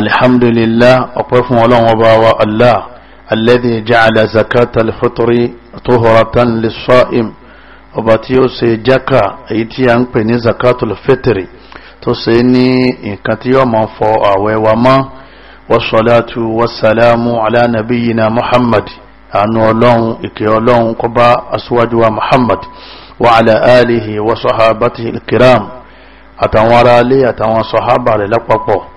alhamdulillah ọpẹ́ fún ọlọ́run ọba wa allah alladhi ja'ala zakat alfitri tuhuratan lis-sa'im ọba tí ó ṣe jaka èyí tí a ń pè ní zakat alfitri tó ṣe ní nǹkan tí yóò máa fọ àwẹ̀ wa mọ́ wasalaatu wasalaamu ala nabiyina muhammad àánú ọlọ́run ìkẹ́ ọlọ́run kó bá wa muhammad wa ala alihi wa sahabatihi alkiram àtàwọn aráalé àtàwọn sahaba lápapọ̀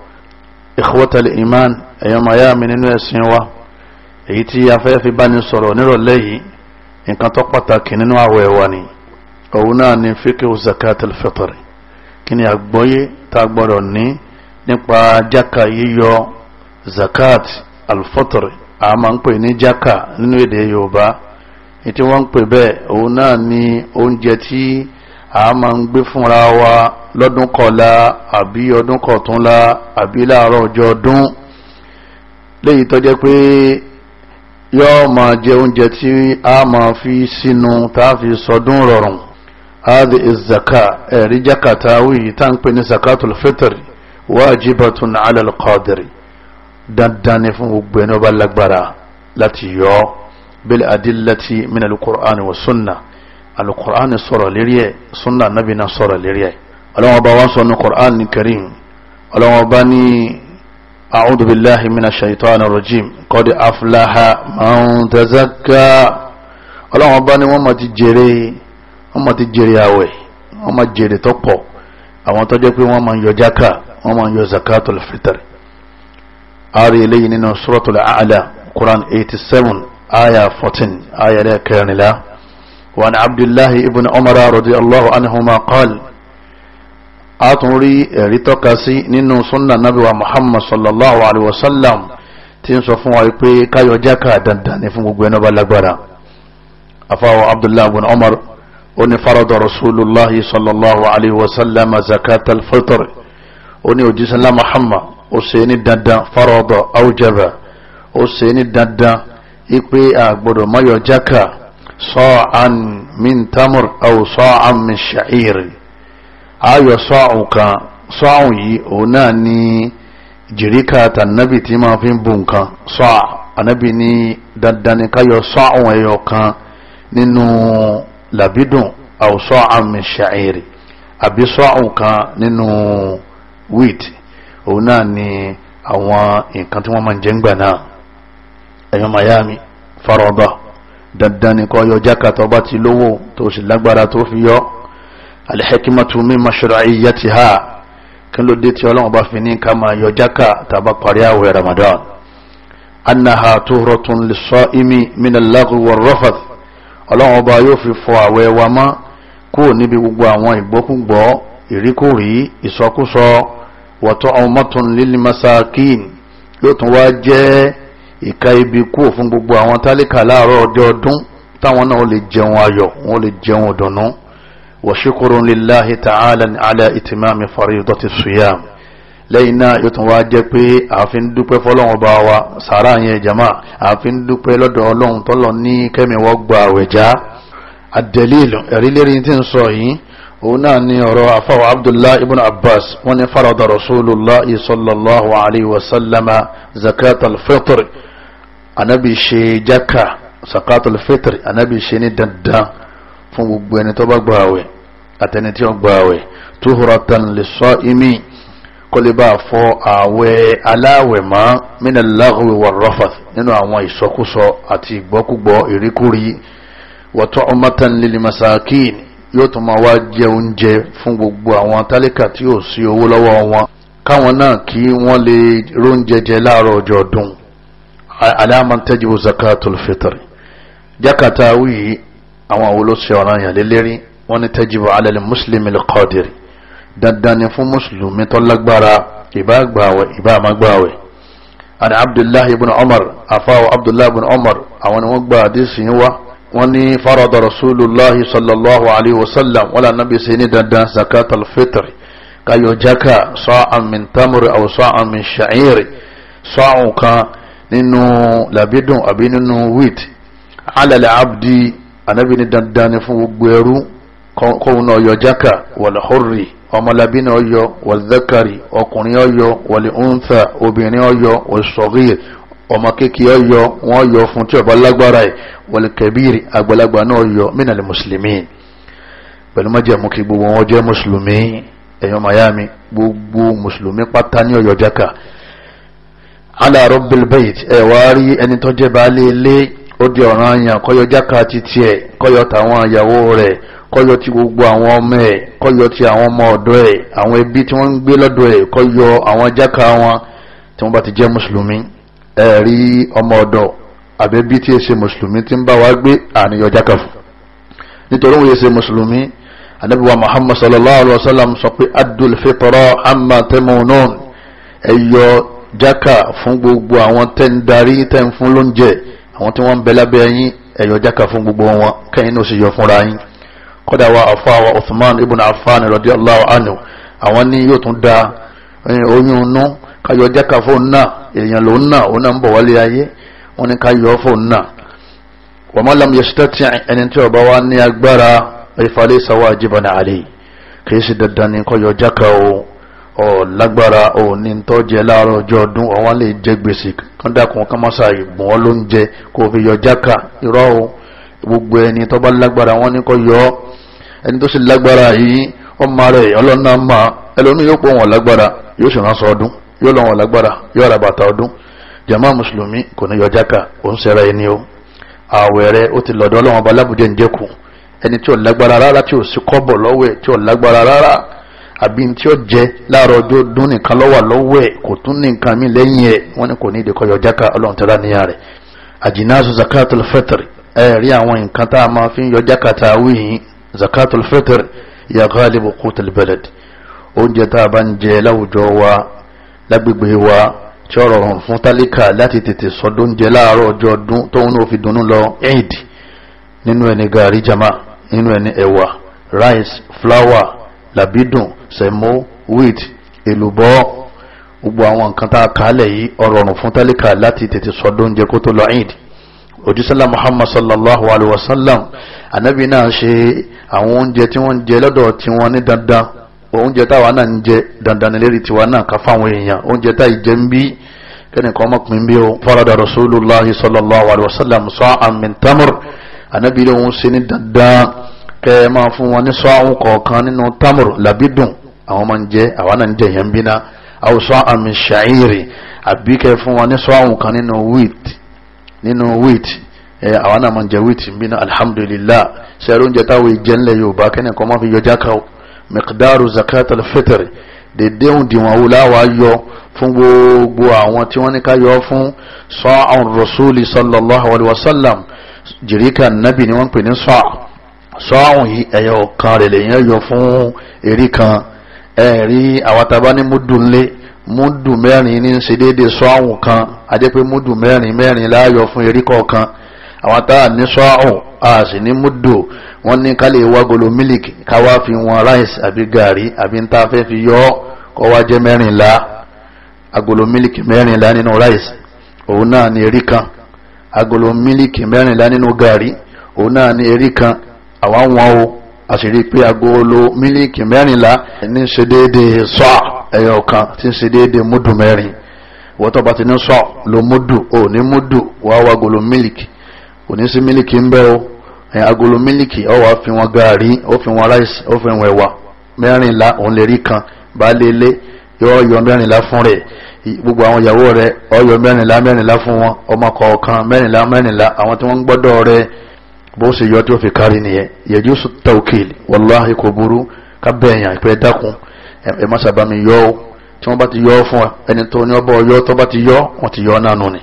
ìkọwọ́tàlẹ̀ iman ẹ̀yọ́ maya mi nínú ẹ̀sìn wa èyí tí afẹ́fẹ́ bá ní sọ̀rọ̀ nírọ̀lẹ́ yìí nǹkan tó pàtàkì nínú àwẹ̀ wa ni òun náà ni fíkẹ́ zakat al-fitr kí ni àgbọ́yé tá a gbọ́dọ̀ ní nípa jáka yíyọ zakat al-fitr a máa ń pè ní jáka nínú èdè yorùbá ètí wọ́n ń pè bẹ́ẹ̀ òun náà ni oúnjẹ tí a máa ń gbé fúnra wa lọ́dún kọ̀la àbí ọdún kọ̀túnla àbí láàárọ̀ ọjọ́ ọdún léyìí tó jẹ́ pé yóò máa jẹ oúnjẹ tí a máa fi sínú tá a sọdún rọrùn hadi izaka ẹ̀rí jákàtà wíyí tá ń pè ní zakatul fitr wajibatun ala alqadiri dandan ni fún gbogbo ẹni ó lágbára láti yọ bil adillati min alqur'ani wa sunnah alukur'an sọ̀rọ̀ lérí ẹ̀ sunna nabi náà sọ̀rọ̀ lérí ẹ̀ ọlọ́wọ́n bá wọ́n sọ ní kur'an ní karim ọlọ́wọ́n bá ní a'udhu billahi minash shaitanir rajim qad aflaha man tazakka ọlọ́wọ́n bá ní wọ́n ma ti jèrè wọ́n ma ti jèrè àwẹ̀ wọ́n ma jèrè tó pọ̀ àwọn tó jẹ́ pé wọ́n ma yọ jáka wọ́n ma yọ zakatul fitr ari eléyìí nínú suratul a'la quran 87 aya 14 aya lẹ́ẹ̀kẹrìnlá وعن عبد الله ابن عمر رضي الله عنهما قال أتوري رتقسي ننو سنة نبي محمد صلى الله عليه وسلم تنسو فون ويبي كايو جاكا دندان فون بينو بلغبرا أفاو عبد الله بن عمر أن فرض رسول الله صلى الله عليه وسلم زكاة الفطر أن يجيس الله محمد أسيني دندان فرض أوجب أسيني دندان إكبي أكبر ما يجاكا sa'an min tamur aw sa'an min sha'ir ayọ̀ sa'un kan sa'un yìí òun náà ní jìríkà tànàbì tí máa fi ń bu nǹkan sa'a ànábì ní dandan ní káyọ̀ sa'un ẹyọ kan nínú làbídùn aw sa'an min sha'ir àbí sa'un kan nínú wheat òun náà ní àwọn nǹkan tí wọ́n máa ń jẹ ń gbà náà ẹ̀yọ́ miami faraba dandan ni kó yọ jáka tó bá ti lówó tó sì lágbára tó fi yọ alihakimatu mi mashru'iyyatiha kí ló dé tí ọlọ́run bá fi ní ká máa yọ jáka tàbá parí àwẹ̀ ramadan annaha tuhratun lis-sa'imi min al-lagwi war-rafath ọlọ́run ọba yóò fi fọ àwẹ̀ wa mọ́ kúrò níbi gbogbo àwọn ìgbọ́kúgbọ́ ìríkòrí ìsọkúsọ wa ta'amatun lil-masakin yóò tún wá jẹ́ ìka ibi kúrò fún gbogbo àwọn tálíkà láàárọ̀ ọdẹ ọdún táwọn náà lè jẹun ayọ̀ wọn lè jẹun ọ̀dùnnú wa shukurun lillahi ta'ala ala itimami faridati suyam lẹ́yìn náà yóò tún wá jẹ́ pé àfin dúpẹ́ fọlọ́run bá wa sàrà yẹn jama àfin dúpẹ́ lọ́dọ̀ ọlọ́run tọ́lọ ní kẹ́mìwọ́ gba àwẹ̀já àdẹ̀lílù ẹ̀rí lérí tí ń sọ yìí òun náà ni ọ̀rọ̀ àfáwọ̀ abdullahi ibn abbas wọ́n ní farada rasulullah sallallahu alayhi wa sallama zakat al-fitr anabi ṣe jaka sakatul fitr anabi ṣe ni dandan fún gbogbo ẹni tó bá gba àwẹ̀ àtẹni tí ó gba àwẹ̀ tuhuratan lis-sa'imi kọlíbà fọ àwẹ̀ aláwẹ̀ mọ́ min al-laghwi war nínú àwọn ìsọkúsọ àti ìgbọ́kúgbọ́ ìríkúrí wa tu'matan lil-masakin yóò tún máa wá jẹ oúnjẹ fún gbogbo àwọn tálíkà tí ò sí owó lọ́wọ́ wọn káwọn náà kí wọ́n lè róúnjẹ jẹ láàárọ̀ ọjọ́ ọdún alaman tajibu zakatul fitr jákàtà wíyí àwọn àwọn olóṣè ọ̀ràn yàn lélẹ́rí wọ́n ní tajibu alẹ́lẹ́ mùsùlùmí lẹ́kọ́dìrì dandan ni fún mùsùlùmí tó lágbára ìbá gbàwẹ̀ ìbá má gbàwẹ̀ àni abdullahi ibn umar afáwọ̀ abdullahi ibn umar àwọn ni wọ́n gba àdísì yín wá wọ́n ní farada rasulullahi sallallahu alayhi wa sallam wọ́n lànà bí sẹ́ni dandan zakatul fitr kayo jaka sa'an min tamr aw sa'an min sha'ir sa'un kan nínú làbídùn àbí nínú wheat alàlẹ́ abdi anabi ni dandan ni fún gbogbo ẹrú kóun náà yọ jáka wàlúhórì ọmọlábí náà yọ wàlúdẹ́kari ọkùnrin ọyọ wàlúhùnfà obìnrin ọyọ wàlúsọ̀gìr ọmọ kékeré ọyọ wọn yọ fún tí ọba lágbára ẹ wàlúkẹbìrì àgbàlagbà náà yọ mínàlẹ mùsùlùmí pẹ̀lú májẹ̀mú kí gbogbo wọn jẹ́ mùsùlùmí ẹ̀yọ́ mayami gbogbo mùsùlùmí pátá ní ọyọ jáka ala rabbil bayt ẹ̀ wá rí ẹni tó jẹ́ baálé ilé ó di ọ̀ràn àyàn kọ́yọ jáka ti tiẹ̀ kọ́yọ tàwọn àyàwó rẹ̀ kọ́yọ ti gbogbo àwọn ọmọ ẹ̀ kọ́yọ ti àwọn ọmọ ọ̀dọ́ ẹ̀ àwọn ẹbí tí wọ́n ń gbé lọ́dọ̀ ẹ̀ kọ́yọ àwọn jáka wọn tí wọ́n bá ti jẹ́ mùsùlùmí ẹ̀ rí ọmọ ọ̀dọ̀ àbẹ́bí tí èsè mùsùlùmí ti ń bá wa gbé àníyàn jáka fún nítorí wọ́n èsè mùsùlùmí anabiwa muhammad sallallahu alayhi wa sallam sọ pé adul fitra amma tamunun ẹ̀yọ jákà fún gbogbo àwọn tẹ́ ń darí tẹ́ ń fún lóúnjẹ àwọn tí wọ́n ń bẹ lábẹ́ yín ẹ yọ fún gbogbo wọn kẹ́yìn ní oṣù fúnra yín kọ́dà wa afa wa Uthman ibn Affan radiyallahu anhu àwọn ní yóò tún da oyún inú káyọ jákà fóun náà èèyàn lòun náà òun náà ń bọ̀ wálé ayé wọn ní káyọ fóun náà wa man lam yastati' ẹni tí ọba wa ní agbára ìfàlẹ́ àjẹbọ̀nà àlè kì í ṣe dandan ní kọ́yọ jákà o ọ lágbára ọ jẹ láàárọ̀ ọjọ́ ọdún ọwọ́n lè jẹ gbèsè kán dákun kán má ṣàì gbọ́n ló ń jẹ kó fi yọ jáka irọ́ o gbogbo ẹni tó bá lágbára wọn ní kó yọ ọ ẹni tó sì lágbára yìí ọmọ rẹ ọlọ́nà máa ẹlòmí yóò pọ̀ wọn lágbára yóò sì ránṣọ ọdún yóò lọ wọn lágbára yóò ra bàtà ọdún jama mùsùlùmí kò ní yọ jáka ò ń ṣẹra ẹni o ààwẹ̀ rẹ ó ti lọ́dọ̀ ọlọ́wọ́n ọba lábùjẹ́ ń jẹ́kù ẹni tí ò lágbára rárá tí ò sí kọ́bọ̀ lọ́wọ́ ẹ̀ tí ò lágbára rárá àbí tí ó jẹ láàárọ̀ ọjọ́ dún nìkan lọ́wọ́ lọ́wọ́ ẹ̀ kò tún ní nǹkan mi lẹ́yìn ẹ̀ wọ́n ní kò ní ìdíkọ̀ yọjá ká ọlọ́run tẹ́lá níyà rẹ̀ àjìnáṣu zakatul fitr ẹ rí àwọn nǹkan tá a máa fi ń yọjá ká tá a zakatul fitr ya ghalibu qutul balad oúnjẹ tá a bá ń jẹ láwùjọ wa lágbègbè wa tí ọ̀rọ̀ rọrùn fún tálíkà láti tètè sọdún jẹ láàárọ̀ ọjọ́ dún tóun náà fi dunnú lọ eid nínú ẹni gàrí jama nínú ẹni ẹ̀wà rice flour làbídùn sẹ̀mó wheat èlùbọ́ gbogbo àwọn nǹkan tá a kálẹ̀ yìí ọ̀rọ̀rùn fún tálíkà láti tètè sọdún jẹ kó tó lọ Eid òjísàlá Muhammad sallallahu alayhi wa sallam anabi náà ṣe àwọn oúnjẹ tí wọ́n ń jẹ lọ́dọ̀ tiwọn ní dandan oúnjẹ táwa náà ń jẹ dandan ní lérí tiwa náà ká fáwọn èèyàn oúnjẹ tá ìjẹ ń bí kẹ́nìkan ọmọkùnrin bí o farada Rasulullahi sallallahu alayhi wa sallam sa'an min tamr anabi lóhun ṣe ní dandan kẹ́ ẹ máa fún wọn ní sọ́ọ̀hún kọ̀ọ̀kan nínú tamuru labidun àwọn máa ń jẹ àwọn náà ń jẹ yẹn bínà àwòsàn àmì ṣàìrì àbí kẹ́ fún wọn ní sọ́ọ̀hún kan nínú wheat nínú wheat ẹ àwọn náà máa ń jẹ wheat bínà alhamdulillah sẹ́rù oúnjẹ táwọn ìjẹ́ ńlẹ̀ yorùbá kẹ́ni kan máa fi yọ jáka o miqdaru zakat al-fitr dèdè òǹdìwọ̀n wo láwa yọ fún gbogbo àwọn tí wọ́n ní ká yọ fún sọ́ọ̀hún rasuli sallallahu alayhi wa sallam jìríkà nabi ni wọ́n pè ní sọ́ọ̀hún sọ́ọ̀hún yìí ẹ̀yọ̀ kan rẹ̀ lèyàn yọ fún èrí kan ẹ̀rí àwátaba ní múdù ńlé múdù mẹ́rin ní ṣe déédéé sọ́ọ̀hún kan adé pé múdù mẹ́rin mẹ́rin láàyọ̀ fún èrí kọ̀ọ̀kan àwátá ní sọ́ọ̀hún a sì ní múdù wọ́n ní ká lè wá golo mílìkì ká wá fi wọn ráìsì àbí gàrí àbí ń ta fẹ́ fi yọ ọ́ kọ́ wá jẹ́ mẹ́rìnlá agolo mílìkì mẹ́rìnlá nínú ráìsì òun náà ní èrí kan agolo mílìkì mẹ́rìnlá nínú gàrí òun náà ní èrí kan àwa ń wọn o a sì rí i pé agolo mílíkì mẹ́rìnlá ní ṣe déédéé sọ ẹyọ kan tí ń ṣe múdù mẹ́rin wọ́n tọ́ba ti ní sọ lo múdù ò ní múdù wàá wá agolo mílíkì ò ní sí mílíkì ń bẹ́ o agolo mílíkì ọ wàá fi wọn gaari ó fi wọn ráìsì ó fi wọn ẹ̀wà mẹ́rìnlá òun lè rí kan bá lé lé yọ yọ mẹ́rìnlá fún rẹ̀ gbogbo àwọn ìyàwó rẹ̀ ọ yọ mẹ́rìnlá mẹ́rìnlá fún wọn ọmọ kọ̀ọ̀kan mẹ́rìnlá mẹ́rìnlá àwọn tí wọ́n ń gbọ́dọ̀ rẹ̀ bó ṣe yọ tí ó fi kárí nìyẹn yẹjú sùn tawkil wàláhì kò burú ká bẹ̀yàn ìpẹ́ dákun ẹ má sábà mi yọ ọ́ tí wọ́n bá ti yọ ọ́ fún wa ẹni tó ní ọbọ̀ yọ tó bá ti yọ wọ́n ti yọ náà nù ni.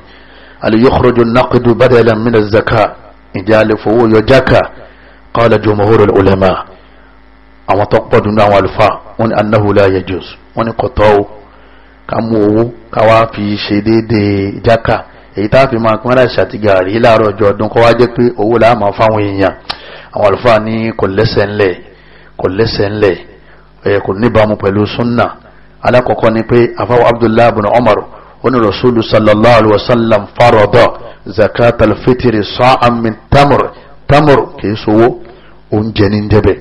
àlè yukhruju naqidu badalan min zaka ìjà àlè fowó yọ jáka qala jumhurul ulama àwọn tó pọ̀ dundun àwọn àlùfáà wọ́n ní annahu la yajuz wọ́n ní kọ̀tọ́ o ká mú owó ká wá fi ṣe déédéé jáka èyí tá a fi máa pínlẹ̀ ṣàtìgàrí láàárọ̀ ọjọ́ ọdún kọ́ wá jẹ́ pé owó la máa fáwọn èèyàn àwọn àlùfáà ní kò lẹ́sẹ̀ ńlẹ̀ kò lẹ́sẹ̀ ńlẹ̀ ẹ̀ kò níbàámu pẹ̀lú súnà alákọ̀ọ́kọ́ ni pé afáwọ̀ abdullahi bin umar oní rasulu sallallahu alayhi wa sallam farada zakat alfitiri sa'an min tamur tamur kìí sowó oúnjẹ ní débẹ̀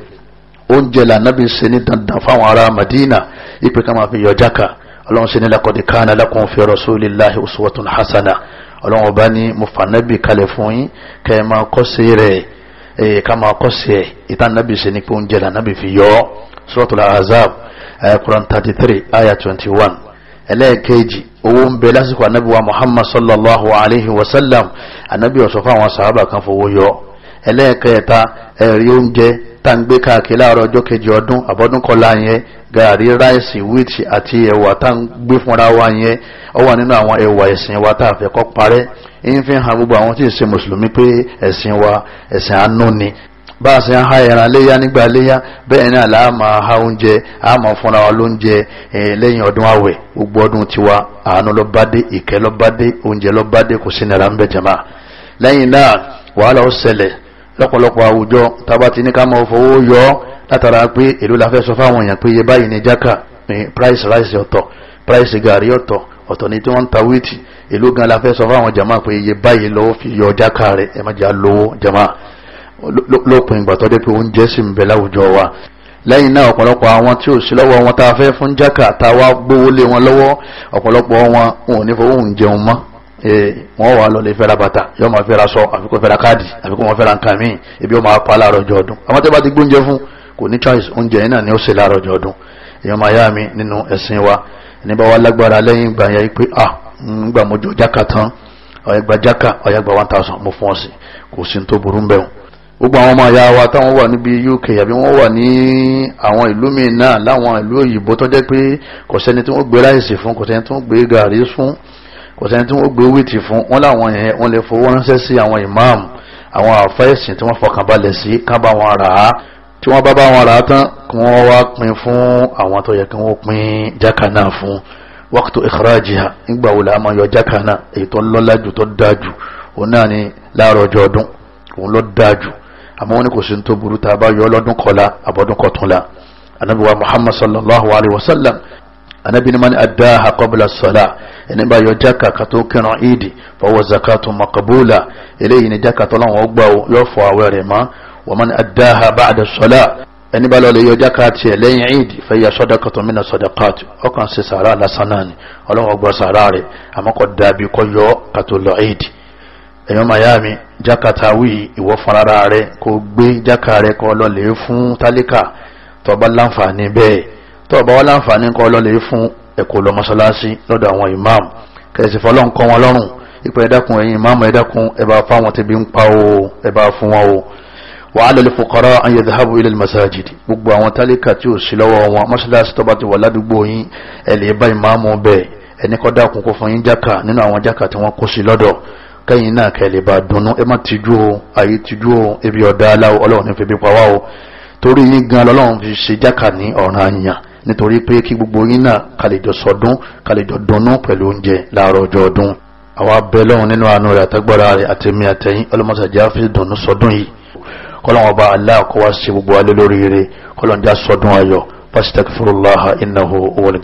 oúnjẹ lànà ṣe ní dandan fáwọn ará madina ìpè ká máa fi yọ jákàá ọlọ́run ṣe ní lakọ̀dí kánà lakum fi rasulillahi uswatun hasana ọlọ́run ọba ní mo fànàbì kalẹ̀ fún yín kẹ́ ẹ máa kọ́sẹ̀ rẹ̀ ẹ̀ ká máa kọ́sẹ̀ ẹ̀ ìtàn nàbì ṣe ní pé oúnjẹ là nàbì fi yọ ọ́ suratul ahzab quran thirty three ayah twenty one ẹlẹ́ẹ̀kejì owó ń bẹ lásìkò anabi wa muhammad sallallahu alayhi wa sallam anabi ọ̀sọ́ fún àwọn sàhábà kan fowó yọ ẹlẹ́ẹ̀kẹta ẹ̀rí oúnjẹ tá ń gbé káàkiri láàárọ̀ ọjọ́ kejì ọdún àbọ́dún kọlá yẹn gàrí ráìsì wíìtì àti ẹwà tá ń gbé fúnra wa yẹn ọ wà nínú àwọn ẹ̀wà ẹ̀sìn wa tá a fẹ́ kọ́ gbogbo àwọn tí ì ṣe mùsùlùmí pé ẹ̀sìn wa ẹ̀sìn àánú ni bá a ṣe ń ha ẹran bẹ́ẹ̀ ni máa ha oúnjẹ máa fúnra wa lóúnjẹ lẹ́yìn tiwa àánú bá dé ìkẹ́ bá dé oúnjẹ bá dé kò lọ́pọ̀lọpọ̀ àwùjọ tàbá ti ní ká mọ́ fowó yọ látara pé èlò la fẹ́ sọ fáwọn èèyàn pé iye báyìí ní jákà ní price rice ọ̀tọ̀ price gari ọ̀tọ̀ ọ̀tọ̀ ní tí wọ́n ń ta wíìtì èlò gan la fẹ́ sọ fáwọn jama pé iye báyìí lọ́wọ́ fi yọ jákà rẹ̀ ẹ má jà lówó jama lópin ìgbà tó pé oúnjẹ sì ń bẹ láwùjọ wa lẹ́yìn náà ọ̀pọ̀lọpọ̀ àwọn tí ò sí lọ́wọ́ wọn tá a fẹ́ fún jákà tá gbówó lé wọn lọ́wọ́ ọ̀pọ̀lọpọ̀ wọn ò ní fowó ń jẹun mọ́ wọn wà lọlé fẹ́ra bàtà yóò máa fẹ́ra sọ àfikún fẹ́ra káàdì àfikún wọn fẹ́ra nǹkan míì ebi yóò máa pa láàárọ̀ ọjọ́ ọdún àwọn tó bá ti gbóúnjẹ fún kò ní choice oúnjẹ yìí náà ni ó ṣe láàárọ̀ ọjọ́ ọdún èèyàn máa yá mi nínú ẹ̀sìn wa ní bá wa lágbára lẹ́yìn ìgbà yẹn pé à ń gbà mọ́jọ jáka tán ọ̀yàgbà jáka ọ̀yàgbà one thousand mo fún ọ sí kò sí tó burú bẹ́ẹ̀ gbogbo àwọn ọmọ àyà wa táwọn wà níbi UK àbí wọ́n wà ní àwọn ìlú míì náà láwọn ìlú òyìnbó tó jẹ́ pé kò sẹ́ni tí wọ́n gbé ráìsì fún kò sẹ́ni tí wọ́n gbé gàrí fún kò sẹ́ni tí wọ́n gbé wíìtì fún wọn láwọn yẹn wọ́n lè fowó ránṣẹ́ sí àwọn ìmáàmù àwọn àfẹ́sìn tí wọ́n fọkànbalẹ̀ sí ká bá wọn rà á tí wọ́n bá bá wọn rà á tán kí wọ́n wá pín fún àwọn tó yẹ kí wọ́n pín jákà náà fún wákàtí ìkàràjìhà nígbà wo la máa yọ jákà náà èyí tó lọ́lá jù tó dáa jù òun náà ni láàárọ̀ ọjọ́ ọdún òun ló dáa jù àmọ́ wọn ni kò sí tó burú tá a bá yọ ọlọ́dún kọlá àbọ̀dún kọtùnlá anábìwá muhammad sallallahu alayhi wa sallam anabi ni mani adaha qabla as-salah ẹni bá yọ jaka ka tó kírun ìdí fọwọ́ zakatu makabula eléyìí ni jaka tó lọ́wọ́ gbà ó yọ fọ àwẹ̀ rẹ̀ mọ́ wọ́n mani adaha ba'da as-salah ẹni bá lọ́ọ́ lè yọ jaka tiẹ̀ lẹ́yìn ìdí fẹ́yà sadaqatu mina sadaqati ọkàn sí sàrà lásán náà ni ọlọ́wọ́ gbọ́ sàrà rẹ̀ àmọ́ kò dàbí kò yọ ka tó lọ ìdí ẹ̀yọ́ mayami jaka tawi ìwọ farara rẹ̀ kò gbé jaka rẹ̀ kò lọ fún tálíkà tó láǹfààní bẹ́ẹ̀ tó ọba wọn láǹfààní kọ́ lọ́lẹ̀ fún ẹ̀kọ́ lọ mọ́ṣáláṣí lọ́dọ̀ àwọn ìmáàmù kẹ̀sì fọlọ́n kọ́ wọn lọ́rùn ìpẹ́ ẹ̀dákun ẹ̀yin ìmáàmù ẹ̀dákun ẹ bá fáwọn tẹ̀bí ń pa o ẹ bá fún wọn o wa 'ala al-fuqara an yadhhabu ila gbogbo àwọn tálíkà tí ò sí lọ́wọ́ wọn mọ́ṣáláṣí tó bá ti wà ládùúgbò yín ẹ̀ lè bá ìmáàmù bẹ́ẹ̀ ẹni kọ́ dákun kó fún yín jákà nínú àwọn jákà tí wọ́n kó sí lọ́dọ̀ kẹ́yìn náà kẹ́ bá dunnú ẹ má tijú o àyè tijú o ebi ọ̀dà aláwọ̀ ọlọ́run ní fi bí pa wá o torí yín gan lọ́lọ́run fi ṣe jákà ní ọ̀ràn àyàn nítorí pé kí gbogbo yín náà kàlejò sọdún kàlejò dunnú pẹ̀lú oúnjẹ láàárọ̀ ọjọ́ ọdún àwọn abẹ́ lọ́hùn nínú àánú rẹ̀ àtẹ́gbọ́ra rẹ̀ àtẹ̀mí àtẹ̀yìn ọlọ́mọṣàjá fi dùnnú sọdún yìí kọ́lọ́n ọba Allah kó wá gbogbo alẹ́ lórí rẹ̀ kọ́lọ́n já sọdún ayọ̀ fastaghfirullaha innahu huwal